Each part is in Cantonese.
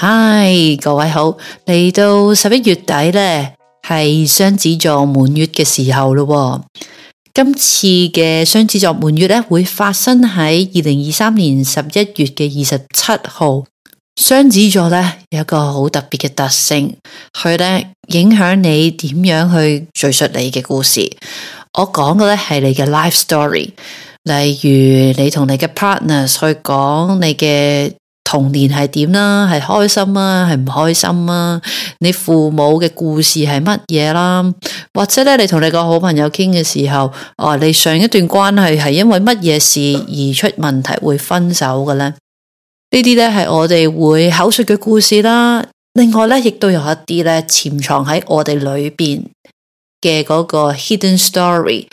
嗨，Hi, 各位好！嚟到十一月底呢，係雙子座滿月嘅時候咯、哦。今次嘅雙子座滿月呢，會發生喺二零二三年十一月嘅二十七號。雙子座呢，有一個好特別嘅特性，佢呢影響你點樣去敘述你嘅故事。我講嘅呢係你嘅 life story，例如你同你嘅 partners 去講你嘅。童年係點啦，係開心啊，係唔開心啊？你父母嘅故事係乜嘢啦？或者咧，你同你個好朋友傾嘅時候，哦、啊，你上一段關係係因為乜嘢事而出問題會分手嘅咧？呢啲咧係我哋會口述嘅故事啦。另外咧，亦都有一啲咧潛藏喺我哋裏邊嘅嗰個 hidden story。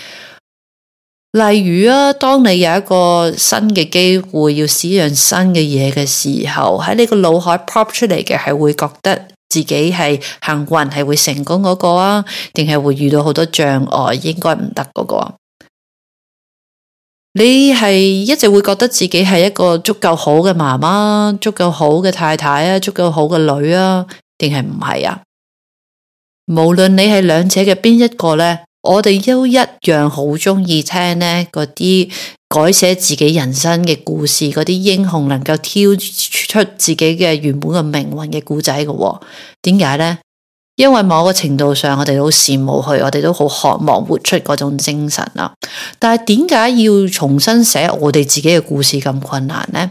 例如啊，當你有一個新嘅機會，要試樣新嘅嘢嘅時候，喺你個腦海 pop 出嚟嘅係會覺得自己係幸運，係會成功嗰個啊，定係會遇到好多障礙，應該唔得嗰個啊？你係一直會覺得自己係一個足夠好嘅媽媽，足夠好嘅太太啊，足夠好嘅女啊，定係唔係啊？無論你係兩者嘅邊一個呢，我哋都一樣好中意聽呢嗰啲改寫自己人生嘅故事，嗰啲英雄能夠挑出自己嘅原本嘅命運嘅故仔嘅喎。點解呢？因為某個程度上，我哋好羨慕佢，我哋都好渴望活出嗰種精神啊。但係點解要重新寫我哋自己嘅故事咁困難呢？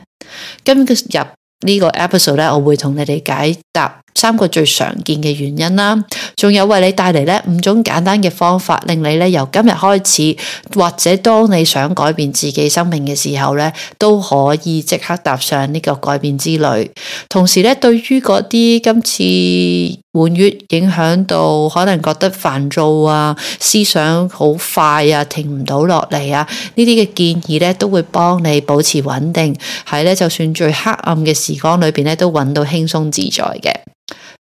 今日入呢個 episode 呢，我會同你哋解答，三個最常見嘅原因啦，仲有為你帶嚟呢五種簡單嘅方法，令你呢由今日開始，或者當你想改變自己生命嘅時候呢，都可以即刻踏上呢個改變之旅。同時呢，對於嗰啲今次滿月影響到，可能覺得煩躁啊，思想好快啊，停唔到落嚟啊，呢啲嘅建議呢，都會幫你保持穩定，係呢就算最黑暗嘅時光裏面呢都搵到輕鬆自在嘅。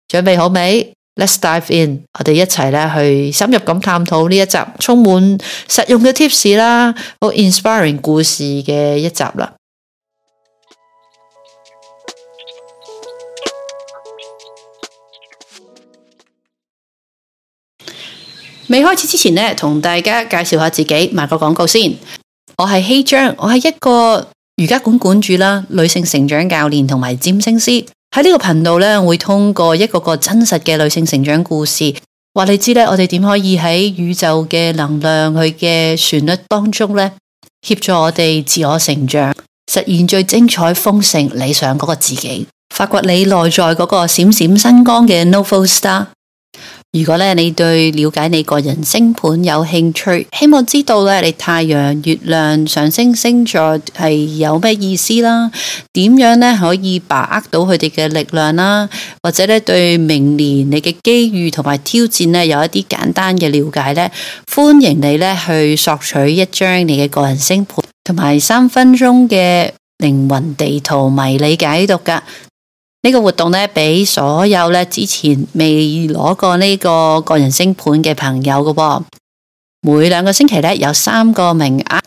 準備好未？Let's dive in，我哋一齊呢去深入咁探討呢一集充滿實用嘅 tips 啦，好 inspiring 故事嘅一集啦。未開始之前呢，同大家介紹下自己，賣個廣告先。我係希章，我係一個瑜伽館館主啦，女性成長教練同埋占星師。喺呢個頻道呢，會通過一個個真實嘅女性成長故事，話你知咧，我哋點可以喺宇宙嘅能量、佢嘅旋律當中呢，協助我哋自我成長，實現最精彩豐盛理想嗰個自己，發掘你內在嗰個閃閃星光嘅 Novel Star。如果咧你對了解你個人星盤有興趣，希望知道咧你太陽、月亮、上升星座係有咩意思啦，點樣咧可以把握到佢哋嘅力量啦，或者咧對明年你嘅機遇同埋挑戰咧有一啲簡單嘅了解咧，歡迎你咧去索取一張你嘅個人星盤同埋三分鐘嘅靈魂地圖迷你解讀噶。呢個活動咧，俾所有咧之前未攞過呢個個人星盤嘅朋友嘅、哦。每兩個星期咧，有三個名額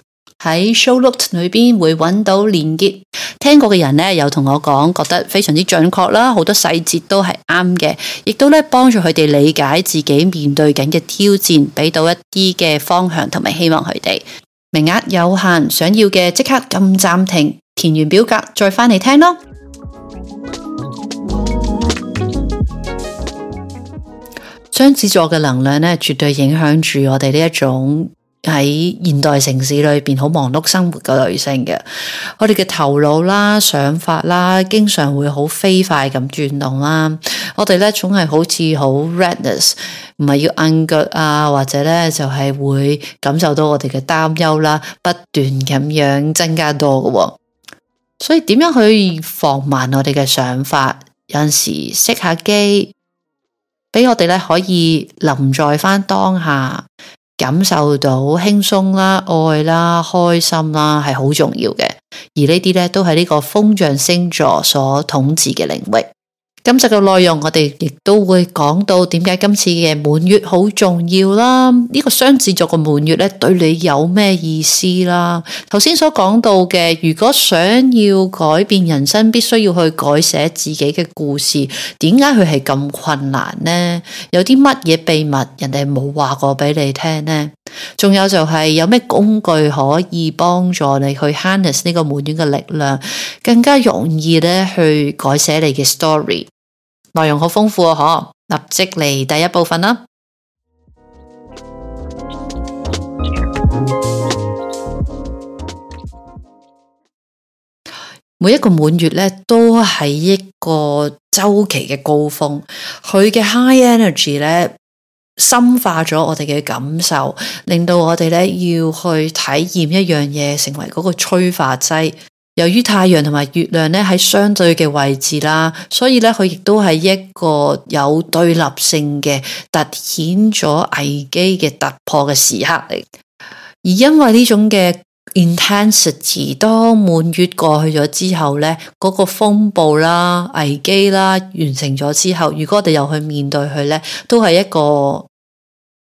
喺 Show Note 裏邊會揾到鏈接。聽過嘅人咧，有同我講，覺得非常之準確啦，好多細節都係啱嘅，亦都咧幫助佢哋理解自己面對緊嘅挑戰，俾到一啲嘅方向同埋希望佢哋。名額有限，想要嘅即刻撳暫停，填完表格再返嚟聽咯。雙子座嘅能量咧，絕對影響住我哋呢一種喺現代城市裏邊好忙碌生活嘅女性嘅。我哋嘅頭腦啦、想法啦，經常會好飛快咁轉動啦。我哋咧總係好似好 redness，唔係要硬腳啊，或者咧就係、是、會感受到我哋嘅擔憂啦，不斷咁樣增加多嘅、哦。所以點樣去放慢我哋嘅想法？有陣時熄下機。俾我哋可以臨在翻當下，感受到輕鬆啦、愛啦、開心啦，係好重要嘅。而呢啲都係呢個風象星座所統治嘅領域。今集嘅內容，我哋亦都會講到點解今次嘅滿月好重要啦。呢個雙子座嘅滿月咧，對你有咩意思啦？頭先所講到嘅，如果想要改變人生，必須要去改寫自己嘅故事，點解佢係咁困難呢？有啲乜嘢秘密，人哋冇話過俾你聽呢？仲有就係有咩工具可以幫助你去 harness 呢個滿月嘅力量，更加容易咧去改寫你嘅 story。內容好豐富哦，嗬！立即嚟第一部分啦。每一個滿月咧，都係一個周期嘅高峰，佢嘅 high energy 咧，深化咗我哋嘅感受，令到我哋咧要去體驗一樣嘢，成為嗰個催化劑。由於太陽同埋月亮咧喺，相對嘅位置啦，所以咧佢亦都係一個有對立性嘅凸顯咗危機嘅突破嘅時刻嚟。而因為呢種嘅 intensity，當滿月過去咗之後咧，嗰個風暴啦、危機啦完成咗之後，如果我哋又去面對佢咧，都係一個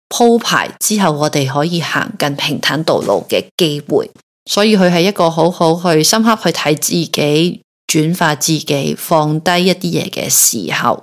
鋪排之後，我哋可以行近平坦道路嘅機會。所以佢係一個好好去深刻去睇自己、轉化自己、放低一啲嘢嘅時候。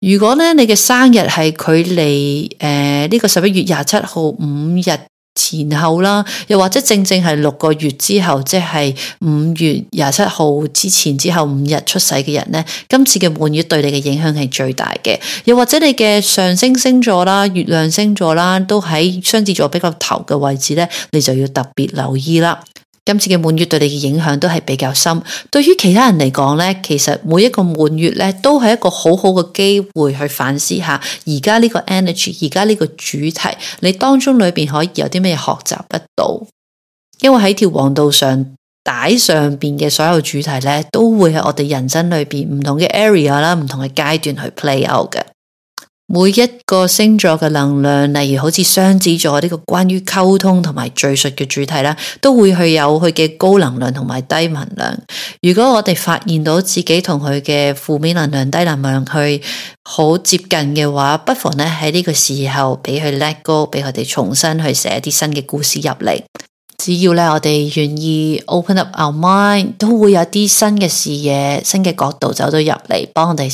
如果呢，你嘅生日係距離誒呢、呃這個十一月廿七號五日。前後啦，又或者正正係六個月之後，即係五月廿七號之前之後五日出世嘅人呢，今次嘅滿月對你嘅影響係最大嘅，又或者你嘅上升星座啦、月亮星座啦，都喺雙子座比較頭嘅位置呢，你就要特別留意啦。今次嘅滿月對你嘅影響都係比較深。對於其他人嚟講呢，其實每一個滿月都係一個好好嘅機會去反思下：而家呢個 energy，而家呢個主題，你當中裏面可以有啲咩學習得到？因為喺條黃道上，帶上面嘅所有主題呢，都會喺我哋人生裏面唔同嘅 area 啦，唔同嘅階段去 play out 嘅。每一個星座嘅能量，例如好似雙子座呢個關於溝通同埋敘述嘅主題啦，都會去有佢嘅高能量同埋低能量。如果我哋發現到自己同佢嘅負面能量、低能量去好接近嘅話，不妨咧喺呢個時候俾佢 let go，俾佢哋重新去寫啲新嘅故事入嚟。只要咧我哋願意 open up our mind，都會有啲新嘅視野、新嘅角度走到入嚟，幫我哋。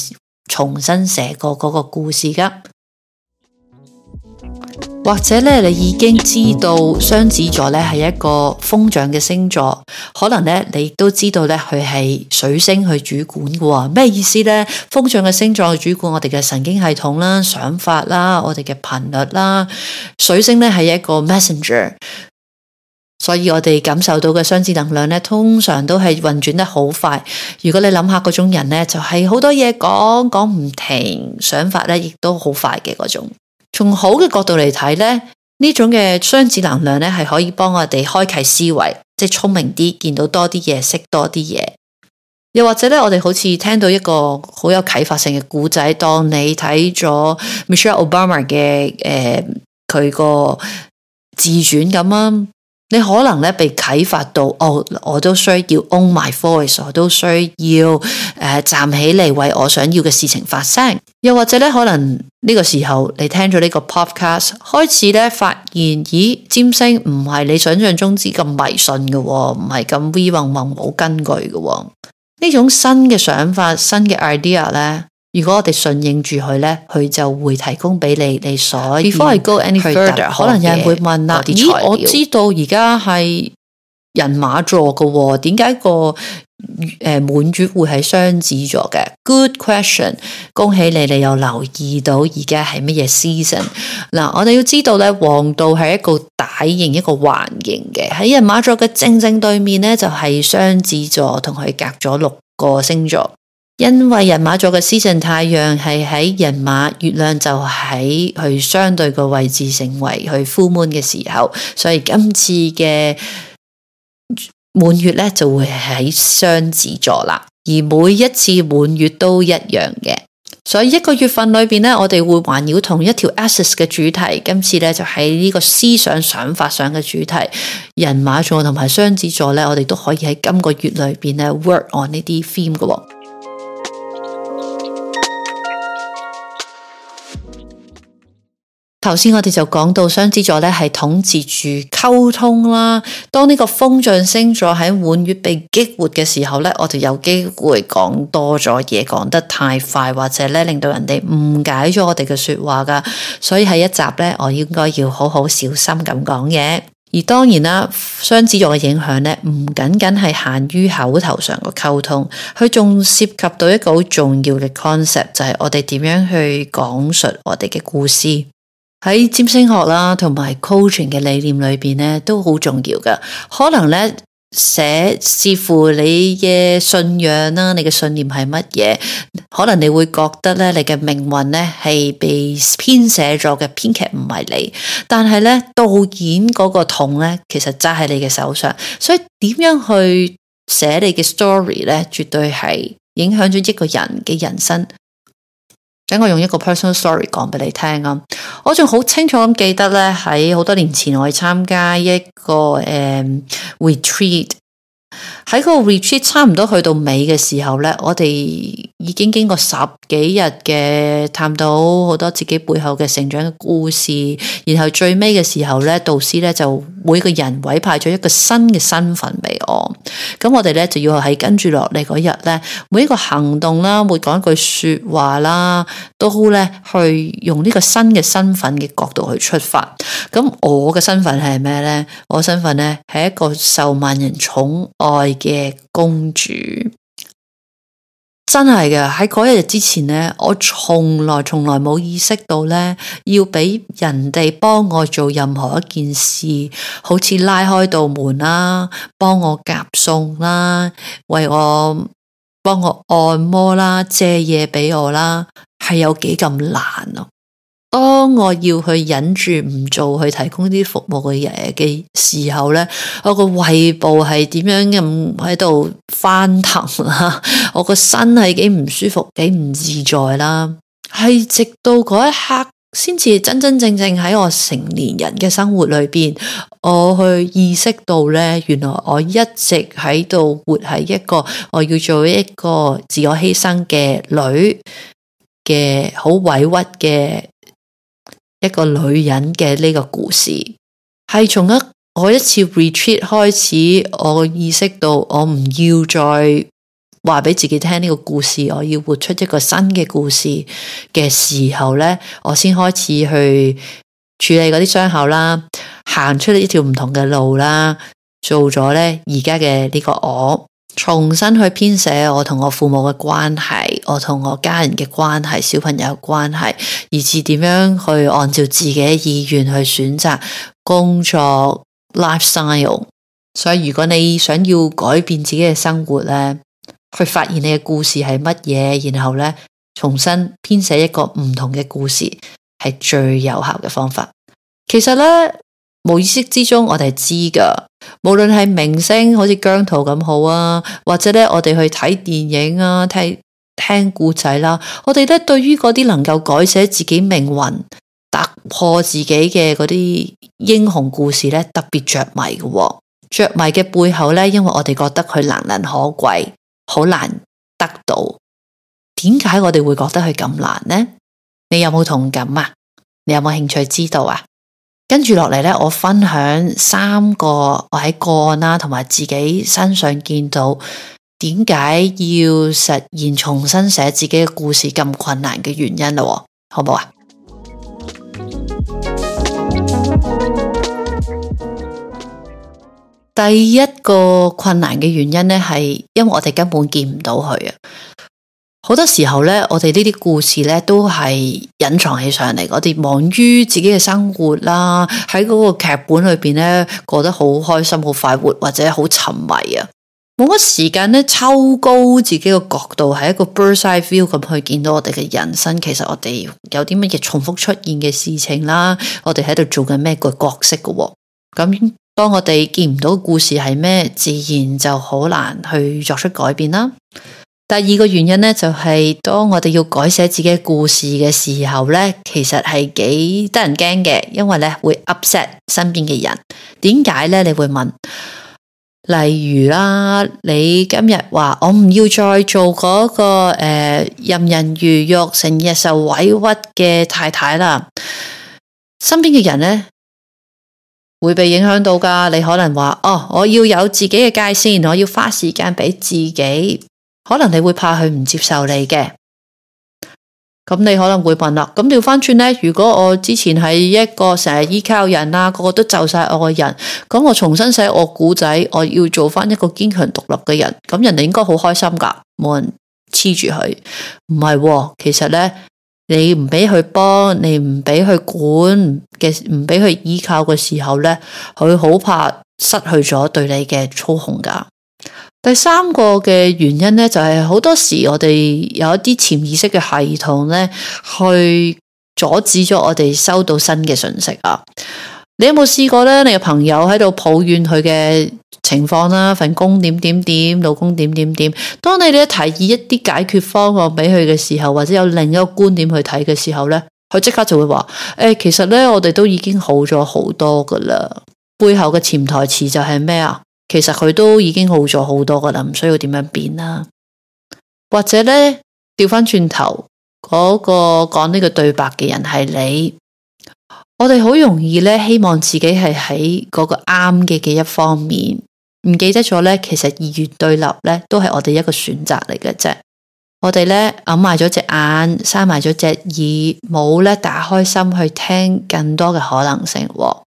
重新寫過嗰個故事噶，或者咧，你已經知道雙子座咧係一個風象嘅星座，可能咧你都知道咧佢係水星去主管嘅喎，咩意思呢？風象嘅星座去主管我哋嘅神經系統啦、想法啦、我哋嘅頻率啦，水星咧係一個 Messenger。所以我哋感受到嘅雙子能量咧，通常都係運轉得好快。如果你諗下嗰種人咧，就係、是、好多嘢講講唔停，想法咧亦都好快嘅嗰種。從好嘅角度嚟睇咧，呢種嘅雙子能量咧係可以幫我哋開啟思維，即係聰明啲，見到多啲嘢，識多啲嘢。又或者咧，我哋好似聽到一個好有啟發性嘅故仔，當你睇咗 Michelle Obama 嘅誒佢個自傳咁啊。你可能被啟發到，哦，我都需要 own my voice，我都需要站起嚟為我想要嘅事情發聲。又或者可能呢個時候你聽咗呢個 podcast，開始咧發現，咦，占星唔係你想象中之咁迷信嘅，唔係咁 v 氪冇根據嘅。呢種新嘅想法、新嘅 idea 呢？如果我哋順應住佢咧，佢就會提供俾你你所有。Before I go any further，可能有人會問啦：咦，我知道而家係人馬座嘅，點解個誒滿月會係雙子座嘅？Good question！恭喜你，你又留意到而家係乜嘢 season？嗱，我哋要知道咧，黃道係一個大型一個環形嘅，喺人馬座嘅正正對面咧，就係、是、雙子座，同佢隔咗六個星座。因為人馬座嘅季度太陽係喺人馬，月亮就喺佢相對嘅位置，成為佢 full moon 嘅時候，所以今次嘅滿月咧就會喺雙子座啦。而每一次滿月都一樣嘅，所以一個月份裏邊咧，我哋會環繞同一條 axis 嘅主題。今次咧就喺呢個思想、想法上嘅主題。人馬座同埋雙子座咧，我哋都可以喺今個月裏邊咧 work on 呢啲 theme 嘅。頭先我哋就講到雙子座咧，係統治住溝通啦。當呢個風象星座喺滿月被激活嘅時候咧，我哋有機會講多咗嘢，講得太快，或者咧令到人哋誤解咗我哋嘅說話噶。所以喺一集咧，我應該要好好小心咁講嘢。而當然啦，雙子座嘅影響咧，唔僅僅係限於口頭上嘅溝通，佢仲涉及到一個好重要嘅 concept，就係我哋點樣去講述我哋嘅故事。喺占星學啦，同埋 coaching 嘅理念裏面咧，都好重要噶。可能呢，寫，視乎你嘅信仰啦，你嘅信念係乜嘢？可能你會覺得呢，你嘅命運呢係被編寫咗嘅，編劇唔係你，但係呢，導演嗰個痛呢，其實揸喺你嘅手上。所以點樣去寫你嘅 story 呢，絕對係影響咗一個人嘅人生。等我用一個 personal story 講俾你聽啊！我仲好清楚咁記得咧，喺好多年前我去參加一個 retreat。嗯 Ret 喺個 retreat 差唔多去到尾嘅時候呢，我哋已經經過十幾日嘅探討，好多自己背後嘅成長嘅故事，然後最尾嘅時候呢，導師呢就每個人委派咗一個新嘅身份俾我，咁我哋呢就要喺跟住落嚟嗰日呢，每一個行動啦，每講一句說話啦，都呢去用呢個新嘅身份嘅角度去出發。咁我嘅身份係咩呢？我身份呢係一個受萬人寵。愛嘅公主，真係嘅。喺嗰日之前呢，我從來從來冇意識到呢，要俾人哋幫我做任何一件事，好似拉開道門啦，幫我夾餸啦，為我幫我按摩啦，借嘢俾我啦，係有幾咁難啊？當我要去忍住唔做，去提供啲服務嘅嘢嘅時候呢，我個胃部係點樣咁喺度翻騰啦？ 我個身係幾唔舒服，幾唔自在啦？係直到嗰一刻，先至真真正正喺我成年人嘅生活裏邊，我去意識到呢，原來我一直喺度活喺一個我要做一個自我犧牲嘅女嘅，好委屈嘅。一個女人嘅，呢個故事，係從一我一次 retreat 開始，我意識到我唔要再話俾自己聽呢個故事，我要活出一個新嘅故事嘅時候呢，我先開始去處理嗰啲傷口啦，行出呢條唔同嘅路啦，做咗呢而家嘅呢個我。重新去編寫我同我父母嘅關係，我同我家人嘅關係，小朋友嘅關係，以至點樣去按照自己嘅意願去選擇工作 lifestyle。所以如果你想要改變自己嘅生活咧，去發現你嘅故事係乜嘢，然後咧重新編寫一個唔同嘅故事，係最有效嘅方法。其實咧。無意識之中，我哋係知㗎。無論係明星，好似姜濤咁好啊，或者咧，我哋去睇電影啊，聽聽故仔啦，我哋咧對於嗰啲能夠改寫自己命運、突破自己嘅嗰啲英雄故事咧，特別着迷嘅喎。着迷嘅背後咧，因為我哋覺得佢難能可貴，好難得到。點解我哋會覺得佢咁難呢？你有冇同感啊？你有冇興趣知道啊？跟住落嚟咧，我分享三個我喺個案啦，同埋自己身上見到點解要實現重新寫自己嘅故事咁困難嘅原因咯，好唔好啊？ 第一個困難嘅原因咧，係因為我哋根本見唔到佢啊。好多時候咧，我哋呢啲故事咧都係隱藏起上嚟，我哋忙於自己嘅生活啦，喺嗰個劇本裏邊咧過得好開心、好快活或者好沉迷啊，冇乜時間咧抽高自己嘅角度，係一個 bird’s eye view 咁去見到我哋嘅人生。其實我哋有啲乜嘢重複出現嘅事情啦，我哋喺度做緊咩個角色嘅啊？咁當我哋見唔到故事係咩，自然就好難去作出改變啦。第二個原因呢，就係、是、當我哋要改寫自己嘅故事嘅時候呢，其實係幾得人驚嘅，因為呢會 upset 身邊嘅人。點解呢？你會問，例如啦，你今日話我唔要再做嗰、那個誒、呃、任人魚肉、成日受委屈嘅太太啦，身邊嘅人呢，會被影響到噶。你可能話哦，我要有自己嘅界線，我要花時間俾自己。可能你會怕佢唔接受你嘅，咁你可能會問啦，咁調翻轉咧，如果我之前係一個成日依靠人啦、啊，個個都就晒我嘅人，咁我重新寫我故仔，我要做翻一個堅強獨立嘅人，咁人哋應該好開心噶，冇人黐住佢，唔係、喎，其實咧，你唔畀佢幫，你唔畀佢管嘅，唔畀佢依靠嘅時候咧，佢好怕失去咗對你嘅操控噶。第三個嘅原因咧，就係、是、好多時我哋有一啲潛意識嘅系統咧，去阻止咗我哋收到新嘅訊息啊！你有冇試過咧？你嘅朋友喺度抱怨佢嘅情況啦、啊，份工點點點，老公點點點。當你哋一提議一啲解決方案俾佢嘅時候，或者有另一個觀點去睇嘅時候咧，佢即刻就會話：誒、哎，其實咧我哋都已經好咗好多噶啦。背後嘅潛台詞就係咩啊？其實佢都已經好咗好多噶啦，唔需要點樣變啦。或者呢，調翻轉頭，嗰個講呢個對白嘅人係你。我哋好容易呢，希望自己係喺嗰個啱嘅嘅一方面，唔記得咗呢，其實二元對立呢都係我哋一個選擇嚟嘅啫。我哋呢，掩埋咗隻眼，閂埋咗隻耳，冇呢打開心去聽更多嘅可能性，哦。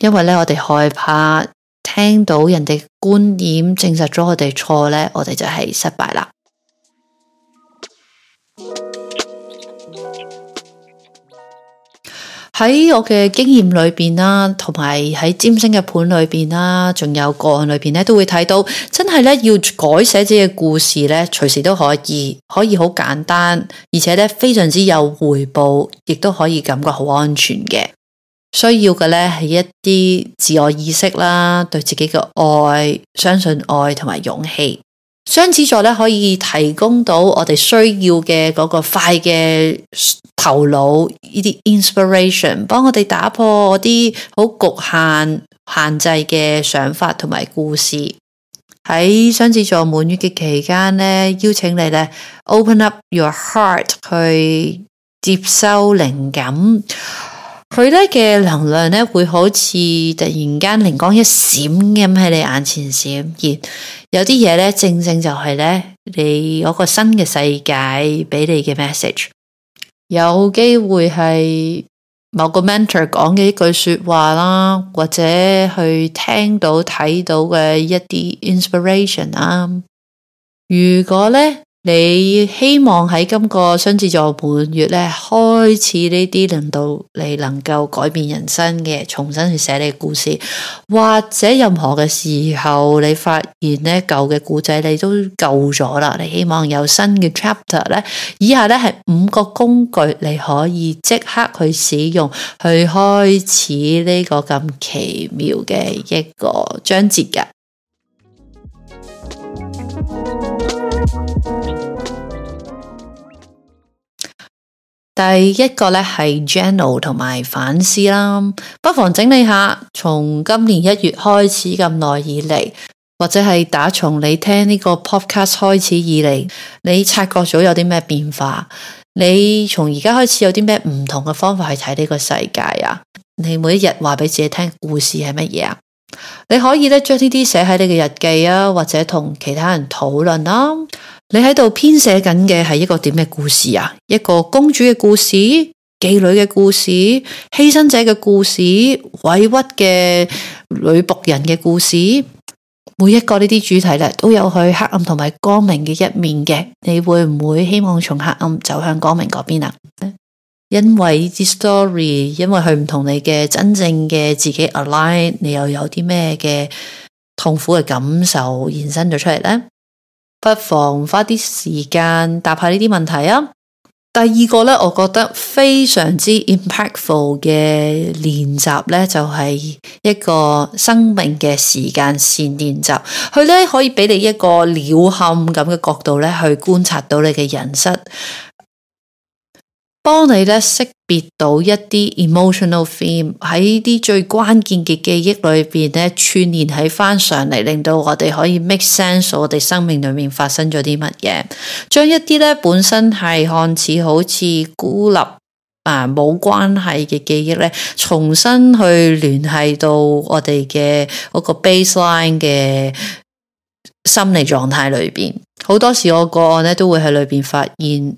因為呢，我哋害怕。聽到人哋觀點證實咗我哋錯呢，我哋就係失敗啦。喺我嘅經驗裏邊啦，同埋喺占星嘅盤裏邊啦，仲有個案裏邊咧，都會睇到真係咧要改寫自己嘅故事呢，隨時都可以，可以好簡單，而且咧非常之有回報，亦都可以感覺好安全嘅。需要嘅咧係一啲自我意識啦，對自己嘅愛、相信愛同埋勇氣。雙子座咧可以提供到我哋需要嘅嗰個快嘅頭腦，呢啲 inspiration，幫我哋打破我啲好局限、限制嘅想法同埋故事。喺雙子座滿月嘅期間咧，邀請你咧 open up your heart 去接收靈感。佢咧嘅能量咧，會好似突然間靈光一閃咁喺你眼前閃，而有啲嘢咧，正正就係咧你嗰個新嘅世界俾你嘅 message，有機會係某個 mentor 講嘅一句說話啦，或者去聽到睇到嘅一啲 inspiration 啦。如果咧，你希望喺今個雙子座滿月咧，開始呢啲令到你能夠改變人生嘅，重新去寫你嘅故事，或者任何嘅時候，你發現咧舊嘅故仔你都夠咗啦，你希望有新嘅 chapter 咧，以下呢係五個工具你可以即刻去使用，去開始呢個咁奇妙嘅一個章節嘅。第一個咧，係 journal 同埋反思啦，不妨整理下，從今年一月開始咁耐以嚟，或者係打從你聽呢個 podcast 開始以嚟，你察覺咗有啲咩變化？你從而家開始有啲咩唔同嘅方法去睇呢個世界啊？你每一日話俾自己聽故事係乜嘢啊？你可以咧將呢啲寫喺你嘅日記啊，或者同其他人討論啊。你喺度編寫緊嘅係一個點嘅故事啊？一個公主嘅故事、妓女嘅故事、犧牲者嘅故事、委屈嘅女僕人嘅故事，每一個這些呢啲主題都有佢黑暗同埋光明嘅一面嘅。你會唔會希望從黑暗走向光明嗰邊啊？因為啲 story，因為佢唔同你嘅真正嘅自己 align，你又有啲咩嘅痛苦嘅感受延伸咗出嚟呢？不妨花啲時間答下呢啲問題啊。第二個咧，我覺得非常之 impactful 嘅練習咧，就係一個生命嘅時間線練習。佢咧可以俾你一個鳥瞰咁嘅角度咧，去觀察到你嘅人生。幫你咧識別到一啲 emotional theme 喺啲最關鍵嘅記憶裏邊咧串連喺翻上嚟，令到我哋可以 make sense 我哋生命裏面發生咗啲乜嘢，將一啲咧本身係看似好似孤立啊冇關係嘅記憶咧，重新去聯繫到我哋嘅嗰個 baseline 嘅心理狀態裏邊，好多時我個案咧都會喺裏邊發現。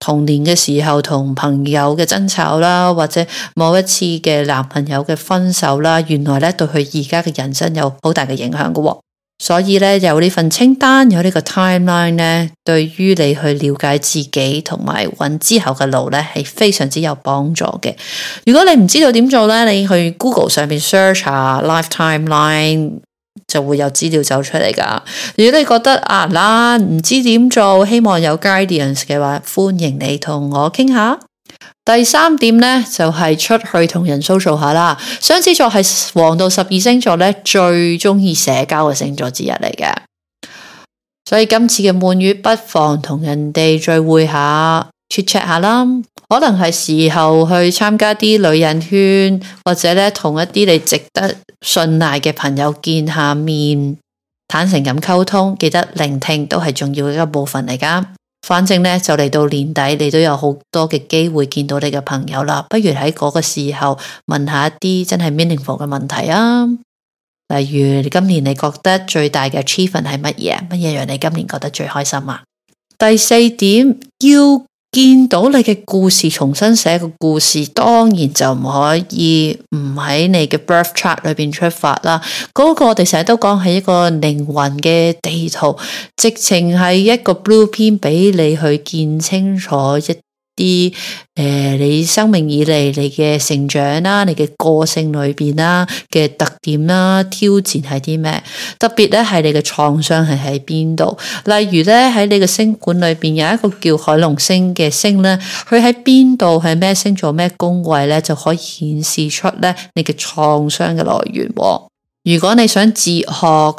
童年嘅時候同朋友嘅爭吵啦，或者某一次嘅男朋友嘅分手啦，原來咧對佢而家嘅人生有好大嘅影響嘅。所以咧，有呢份清單，有呢個 timeline 咧，對於你去了解自己同埋揾之後嘅路咧，係非常之有幫助嘅。如果你唔知道點做咧，你去 Google 上面 search 下 lifetime line。就會有資料走出嚟㗎。如果你覺得啊啦唔知點做，希望有 guidance 嘅話，歡迎你同我傾下。第三點咧就係出去同人 social 下啦。雙子座係黃道十二星座咧最中意社交嘅星座之一嚟嘅，所以今次嘅滿月不妨同人哋聚會下 chat chat 下啦。可能係時候去參加啲女人圈，或者呢同一啲你值得信賴嘅朋友見下面，坦誠咁溝通，記得聆聽都係重要嘅一部分嚟㗎。反正呢，就嚟到年底，你都有好多嘅機會見到你嘅朋友啦。不如喺嗰個時候問一下一啲真係 meaningful 嘅問題啊。例如今年你覺得最大嘅 achievement 係乜嘢？乜嘢讓你今年覺得最開心啊？第四點 y 見到你嘅故事，重新寫個故事，當然就唔可以唔喺你嘅 birth chart 裏邊出發啦。嗰個我哋成日都講係一個靈魂嘅地圖，直情係一個 blueprint 俾你去見清楚一啲誒、呃，你生命以嚟你嘅成長啦，你嘅個性裏邊啦嘅特點啦，挑戰係啲咩？特別咧係你嘅創傷係喺邊度？例如咧喺你嘅星盤裏邊有一個叫凱龍星嘅星咧，佢喺邊度係咩星座咩宮位咧，就可以顯示出咧你嘅創傷嘅來源。如果你想自學，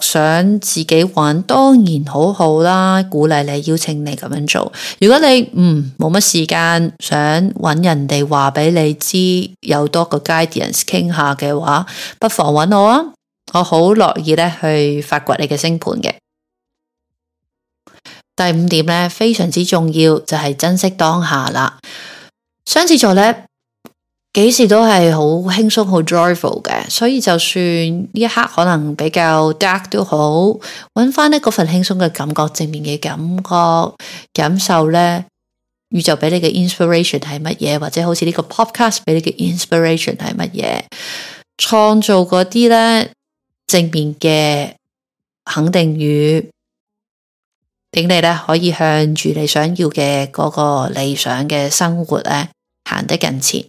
想自己玩，當然好好啦，鼓勵你，邀請你咁樣做。如果你嗯冇乜時間，想搵人哋話俾你知，有多個 guidance 傾下嘅話，不妨搵我啊，我好樂意呢去發掘你嘅星盤嘅。第五點呢，非常之重要，就係珍惜當下啦。雙子座呢，幾時都係好輕鬆、好 joyful 嘅，所以就算呢一刻可能比較 dark 都好，揾翻，呢嗰份輕鬆嘅感覺、正面嘅感覺、感受呢宇宙俾你嘅 inspiration 係乜嘢，或者好似呢個 podcast 俾你嘅 inspiration 係乜嘢，創造嗰啲呢正面嘅肯定語，畀你呢可以向住你想要嘅嗰個理想嘅生活呢行得近前。